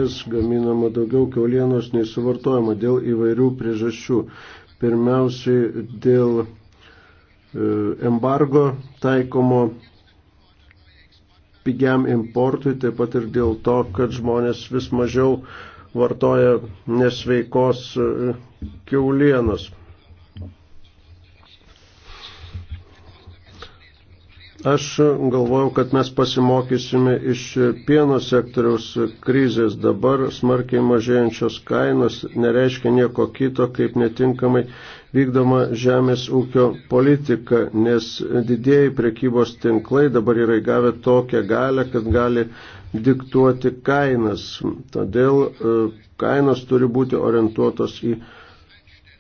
ES gaminama daugiau keulienos nei suvartojama dėl įvairių priežasčių. Pirmiausiai dėl embargo taikomo pigiam importui, taip pat ir dėl to, kad žmonės vis mažiau vartoja nesveikos e, keulienos. Aš galvojau, kad mes pasimokysime iš pieno sektoriaus krizės. Dabar smarkiai mažėjančios kainos nereiškia nieko kito, kaip netinkamai vykdoma žemės ūkio politika, nes didėjai prekybos tinklai dabar yra įgavę tokią galę, kad gali diktuoti kainas. Todėl e, kainos turi būti orientuotos į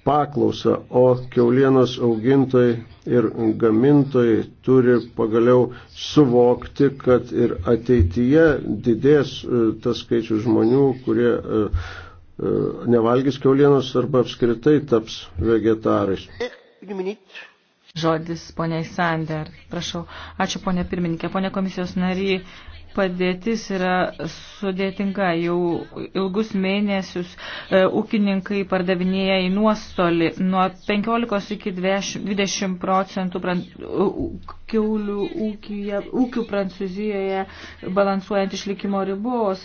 paklausą, o keulienos augintojai ir gamintojai turi pagaliau suvokti, kad ir ateityje didės e, tas skaičius žmonių, kurie uh, E, nevalgys keulienos arba apskritai taps vegetarais. Žodis poniai Sander. Prašau. Ačiū ponė pirmininkė. Ponė komisijos nariai padėtis yra sudėtinga. Jau ilgus mėnesius e, ūkininkai pardavinėja į nuostolį nuo 15 iki 20 procentų kiaulių ūkiuje, ūkių Prancūzijoje balansuojant išlikimo ribos.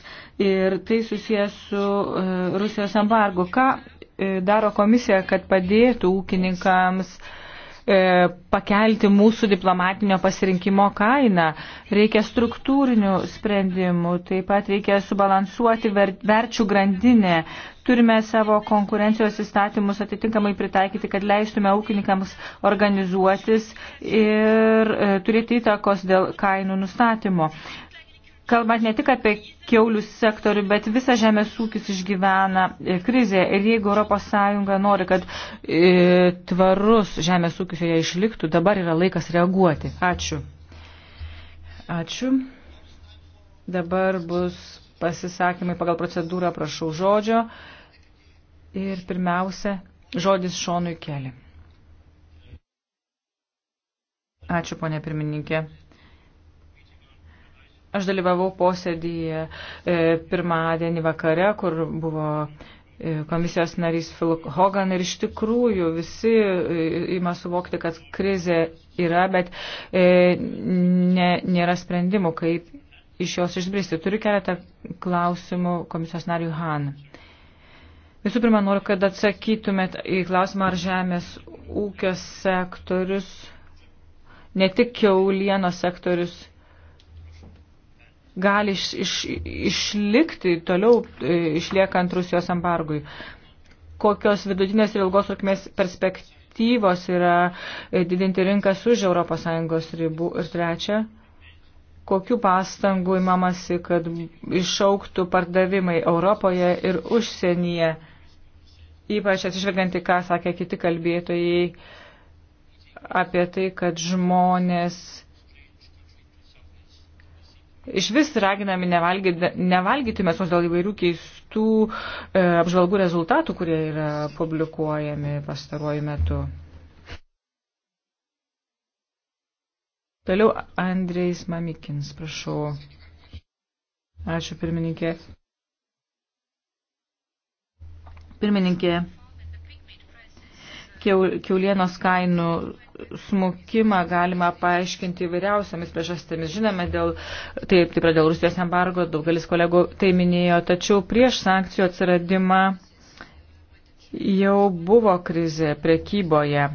Ir tai susijęs su e, Rusijos embargo. Ką e, daro komisija, kad padėtų ūkininkams? E, E, pakelti mūsų diplomatinio pasirinkimo kainą. Reikia struktūrinių sprendimų, taip pat reikia subalansuoti ver, verčių grandinę. Turime savo konkurencijos įstatymus atitinkamai pritaikyti, kad leistume ūkininkams organizuotis ir e, turėti įtakos dėl kainų nustatymo. E, kalbant ne tik apie keulių sektorių, bet visą žemės ūkis išgyvena e, krizę. Ir jeigu ES nori, kad e, tvarus žemės ūkis joje išliktų, dabar yra laikas reaguoti. Ačiū. Ačiū. Dabar bus pasisakymai pagal procedūrą, prašau žodžio. Ir pirmiausia, žodis Šonui Keli. Ačiū, ponė pirmininkė. Aš dalyvavau posėdyje e, pirmadienį vakare, kur buvo e, komisijos narys Phil Hogan ir iš tikrųjų visi e, ima suvokti, kad krizė yra, bet ne, nėra sprendimų, kaip iš jos išbristi. Turiu keletą klausimų komisijos nariui Han. Visų pirma, noriu, kad atsakytumėt į klausimą, ar žemės ūkio sektorius, ne tik keulienos sektorius gali iš, iš, išlikti toliau e, išliekant Rusijos embargui. Kokios vidutinės ir ilgos trukmės perspektyvos yra e, didinti rinkas už ES ribų. Ir trečia, kokiu pastangu įmamasi, kad išauktų pardavimai Europoje ir užsienyje, ypač atsižvelgianti, ką sakė kiti kalbėtojai apie tai, kad žmonės Iš vis raginami nevalgyti, nevalgyti mėsos dėl įvairių keistų e, apžvalgų rezultatų, kurie yra publikuojami pastaruoju metu. Toliau Andrejs Mamikins, prašau. Ačiū pirmininkė. Pirmininkė, kiaulienos kainų smukimą galima paaiškinti įvairiausiamis priežastėmis. Žinome, dėl, taip, taip, dėl Rusijos embargo, daugelis kolegų tai minėjo, tačiau prieš sankcijų atsiradimą jau buvo krizė prekyboje.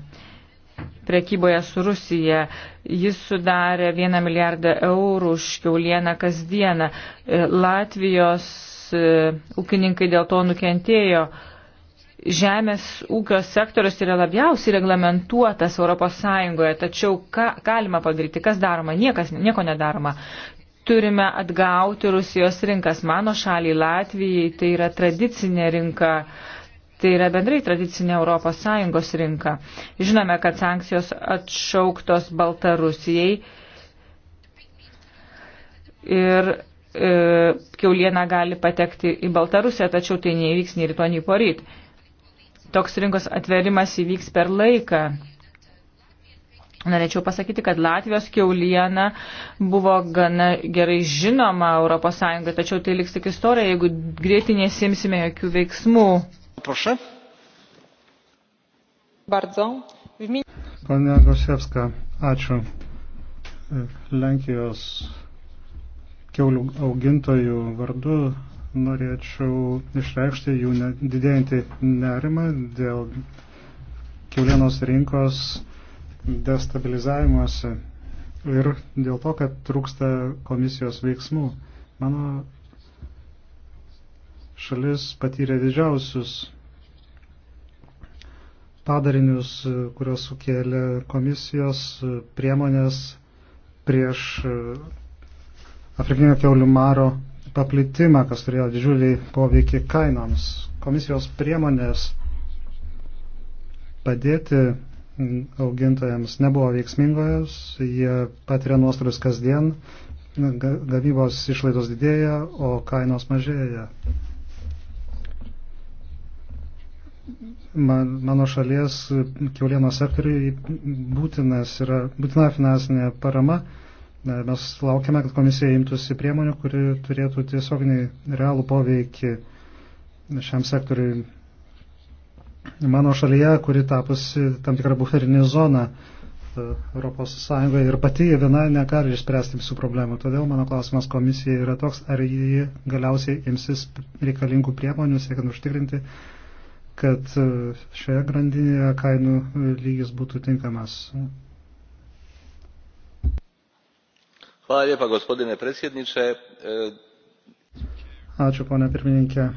Prekyboje su Rusija jis sudarė 1 milijardą eurų už kiaulieną kasdieną. Latvijos e, ūkininkai dėl to nukentėjo žemės ūkio sektorius yra labiausiai reglamentuotas ES, tačiau ką galima padaryti, kas daroma, niekas, nieko nedaroma. Turime atgauti Rusijos rinkas. Mano šaliai Latvijai tai yra tradicinė rinka. Tai yra bendrai tradicinė ES rinka. Žinome, kad sankcijos atšauktos Baltarusijai ir e, keulieną gali patekti į Baltarusiją, tačiau tai neįvyks nei rytoj, nei poryt. E, toks rinkos atverimas įvyks per laiką. Norėčiau pasakyti, kad Latvijos keuliena buvo gana gerai žinoma ES, tačiau tai liks tik istorija, jeigu greitai nesimsime jokių veiksmų. Prašau. Bardzo. Pane Goševska, ačiū. Lenkijos keulių augintojų vardu norėčiau išreikšti jų didėjantį nerimą dėl kiaulienos rinkos destabilizavimuose ir dėl to, kad trūksta komisijos veiksmų. Mano šalis patyrė didžiausius padarinius, kurios sukėlė komisijos priemonės prieš Afrikinio keulių maro paplitimą, kas turėjo didžiulį poveikį kainoms. Komisijos priemonės padėti augintojams nebuvo veiksmingos, jie patiria nuostolius kasdien, gavybos išlaidos didėja, o kainos mažėja. Man, mano šalies kiaulienos sektoriui būtinas yra, būtina finansinė parama Mes laukiame, kad komisija imtųsi priemonių, kuri turėtų tiesioginį realų poveikį šiam sektoriui. Mano šalyje, kuri tapusi tam tikrą buferinį zoną e, Europos Sąjungoje ir pati viena negali išspręsti visų problemų. Todėl mano klausimas komisijai yra toks, ar ji galiausiai imsis reikalingų priemonių, siekiant užtikrinti, kad e, šioje grandinėje kainų lygis būtų tinkamas. Liepa, gospodine predsjedniče. E, Ačiū, ponė pirmininkė.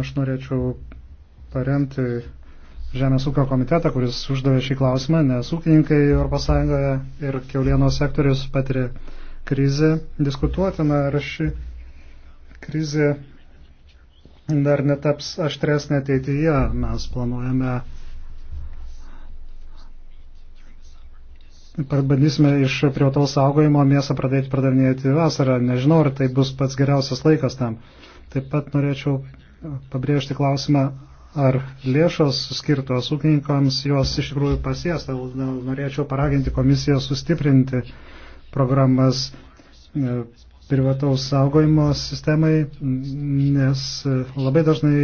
Aš norėčiau paremti Žemės ūkio komitetą, kuris uždavė šį klausimą, nes ūkininkai Europos Sąjungoje ir keulienos sektorius patiria krizę. Diskutuotina, ar ši krizė dar netaps aštresnė ateityje. Mes planuojame bandysime iš privataus saugojimo mėsą pradėti pardavinėti vasarą. Nežinau, ar tai bus pats geriausias laikas tam. Taip pat norėčiau pabrėžti klausimą, ar lėšos skirtos ūkininkams jos iš tikrųjų pasies. Norėčiau paraginti komisiją sustiprinti programas e, privataus saugojimo sistemai, nes e, labai dažnai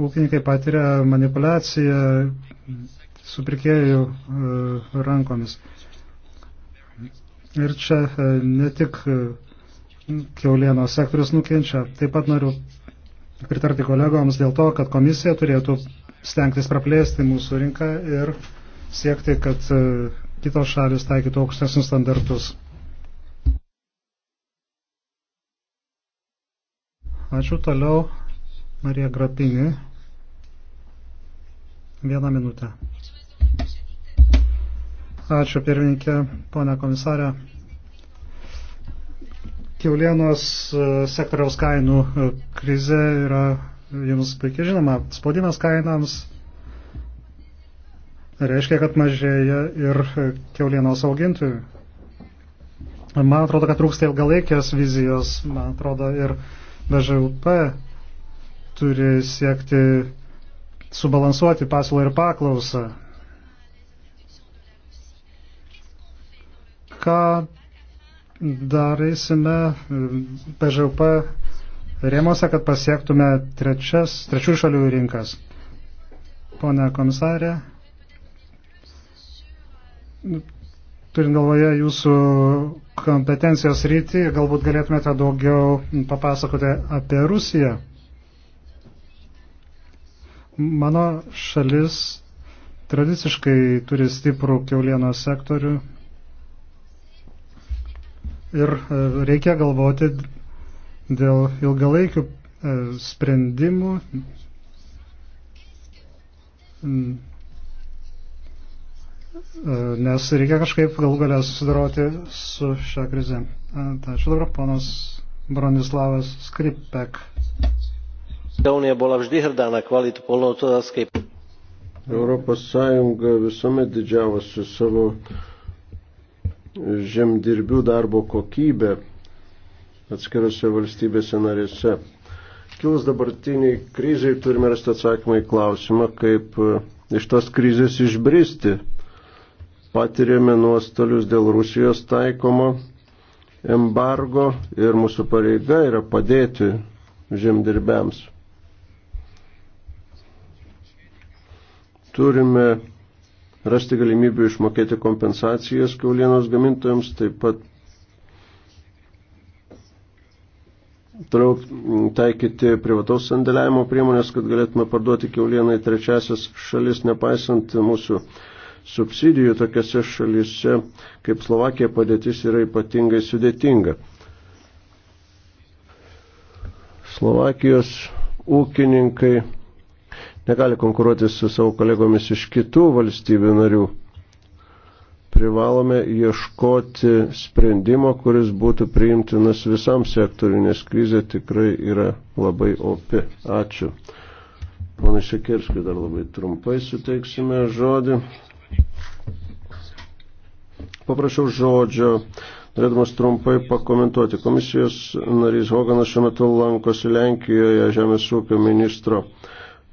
ūkininkai patiria manipulaciją su pirkėjų e, rankomis. Ir čia e, ne tik e, keulieno sektorius nukenčia. Taip pat noriu pritarti kolegoms dėl to, kad komisija turėtų stengtis praplėsti mūsų rinką ir siekti, kad kitos šalis taikytų aukštesnius standartus. Ačiū toliau. Marija Grapini. Vieną minutę. Ačiū pirmininkė, ponia komisarė. Kiaulienos e, sektoriaus kainų e, krize yra jums puikiai žinoma. Spaudimas kainams reiškia, kad mažėja ir kiaulienos augintojų. Man atrodo, kad trūksta ilgalaikės vizijos, man atrodo, ir BŽUP turi siekti subalansuoti pasiūlą ir paklausą. Ką darysime PŽP rėmose, kad pasiektume trečias, trečių šalių rinkas? Pone komisarė, turint galvoje jūsų kompetencijos rytį, galbūt galėtumėte daugiau papasakoti apie Rusiją. Mano šalis tradiciškai turi stiprų keulienos sektorių ir e, reikia galvoti dėl ilgalaikių e, sprendimų. E, nes reikia kažkaip galų galę susidaroti su šią krizę. Tai ačiū dabar, ponas Bronislavas Skripek. Unija buvo vždy hrdá na kvalitu polnohospodárskej. Europos Sąjunga visuomet didžiavosi savo žemdirbių darbo kokybę atskirose valstybėse narėse. Kilus dabartiniai kriziai turime rasti atsakymą į klausimą, kaip e, iš tos krizės išbristi. Patirėme nuostolius dėl Rusijos taikomo embargo ir mūsų pareiga yra padėti žemdirbiams. Turime rasti galimybių išmokėti kompensacijas kiaulienos gamintojams, taip pat trauk, taikyti privataus sandėliavimo priemonės, kad galėtume parduoti kiaulieną į trečiasias šalis, nepaisant mūsų subsidijų tokiose šalise, kaip Slovakija padėtis yra ypatingai sudėtinga. Slovakijos ūkininkai negali konkuruoti su savo kolegomis iš kitų valstybių narių. Privalome ieškoti sprendimo, kuris būtų priimtinas visam sektoriu, nes krizė tikrai yra labai opi. Ačiū. Pana Šekirskui dar labai trumpai suteiksime žodį. Paprašiau žodžio, norėdamas trumpai pakomentuoti. Komisijos narys Hoganas šiuo metu lankosi Lenkijoje žemės ūkio ministro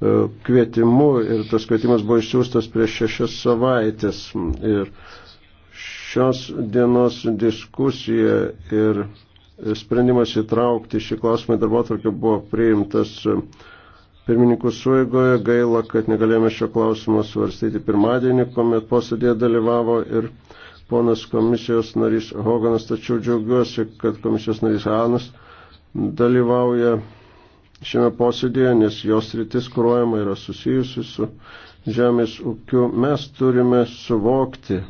E, kvietimu ir tas kvietimas buvo išsiųstas prieš šešias savaitės. Ir šios dienos diskusija ir sprendimas įtraukti šį klausimą į darbo atvarkę buvo priimtas pirmininkų suėgoje. Gaila, kad negalėjome šio klausimo svarstyti pirmadienį, kuomet posėdėje dalyvavo ir ponas komisijos narys Hoganas, tačiau džiaugiuosi, kad komisijos narys Hanas dalyvauja šiame posėdėje, nes jos rytis kruojama yra susijusi su žemės ūkiu. Mes turime suvokti,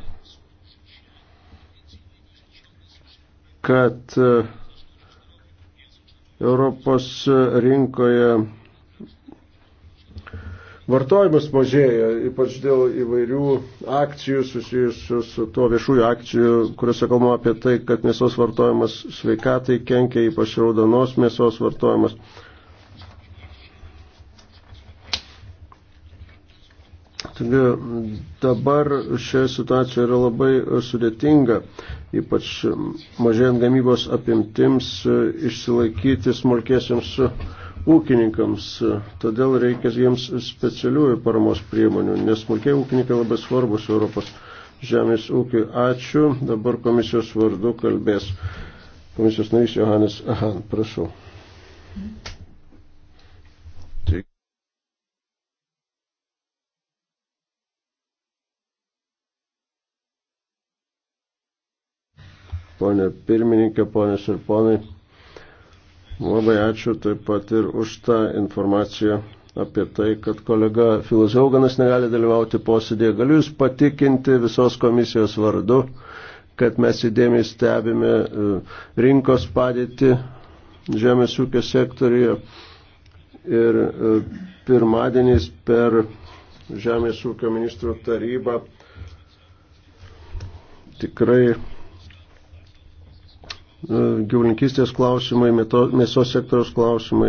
kad e, Europos rinkoje vartojimas mažėja, ypač dėl įvairių akcijų susijusių su to viešųjų akcijų, kuriuose kalbama apie tai, kad mėsos vartojimas sveikatai kenkia, ypač raudonos mėsos vartojimas Taigi dabar šioje situacijoje yra labai sudėtinga, ypač mažėjant gamybos apimtims, išsilaikyti smulkėsiams ūkininkams. Todėl reikia jiems specialiųjų paramos priemonių, nes smulkiai ūkininkai labai svarbus Europos žemės ūkiui. Ačiū. Dabar komisijos vardu kalbės komisijos narys Johannes Ahan. Prašau. Mm. ponė pirmininkė, ponės ir ponai. Labai ačiū taip pat ir už tą informaciją apie tai, kad kolega Filas Auganas negali dalyvauti posėdėje. Galiu Jūs patikinti visos komisijos vardu, kad mes įdėmiai stebime e, rinkos padėti žemės ūkio sektorijoje ir e, pirmadieniais per žemės ūkio ministrų tarybą tikrai E, gyvulinkystės klausimai, mėsos sektoriaus klausimai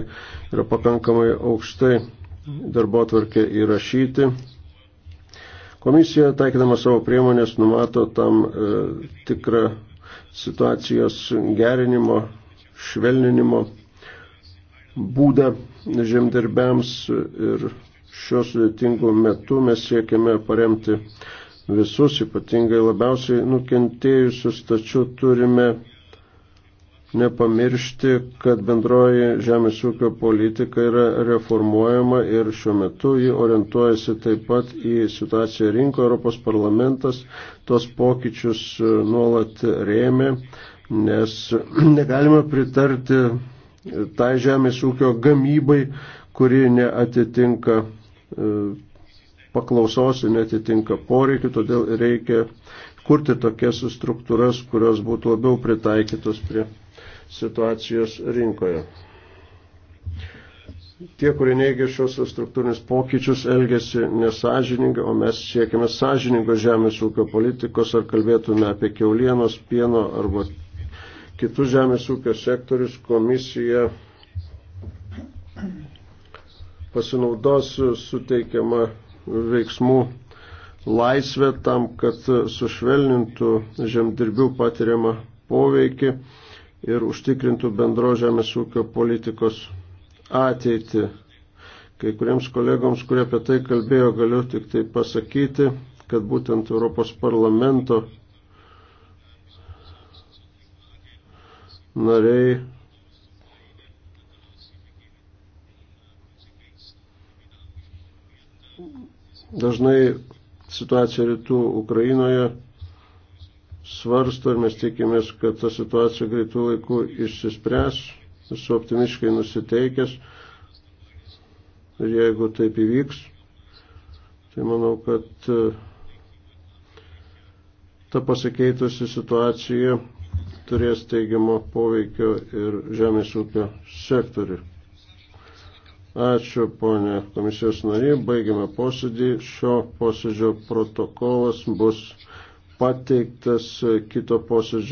yra pakankamai aukštai darbo atvarkė įrašyti. Komisija, taikydama savo priemonės, numato tam e, tikrą situacijos gerinimo, švelninimo būdą žemdirbiams ir šiuo sudėtingu metu mes siekiame paremti visus, ypatingai labiausiai nukentėjusius, tačiau turime nepamiršti, kad bendroji žemės ūkio politika yra reformuojama ir šiuo metu ji orientuojasi taip pat į situaciją rinko. Europos parlamentas tos pokyčius e, nuolat rėmė, nes negalime pritarti e, tai žemės ūkio gamybai, kuri neatitinka e, paklausos ir netitinka poreikių, todėl reikia kurti tokias struktūras, kurios būtų labiau pritaikytos prie situacijos rinkoje. Tie, kurie neigia šios struktūrinius pokyčius, elgesi nesažiningai, o mes siekiame sąžiningo žemės ūkio politikos, ar kalbėtume apie keulienos, pieno arba kitus žemės ūkio sektorius, komisija pasinaudos suteikiama veiksmų laisvė tam, kad sušvelnintų žemdirbių patiriamą poveikį ir užtikrintų bendro žemės ūkio politikos ateitį. Kai kuriems kolegoms, kurie apie tai kalbėjo, galiu tik tai pasakyti, kad būtent Europos parlamento nariai dažnai situacija rytų Ukrainoje svarsto ir mes tikimės, kad ta situacija greitų laikų išsispręs, esu optimiškai nusiteikęs ir jeigu taip įvyks, tai manau, kad e, ta pasikeitusi situacija turės teigiamo poveikio ir žemės ūkio sektoriui. Ačiū, ponė komisijos nariai. Baigiame posėdį. Šio posėdžio protokolas bus pateiktas kito posėdžio.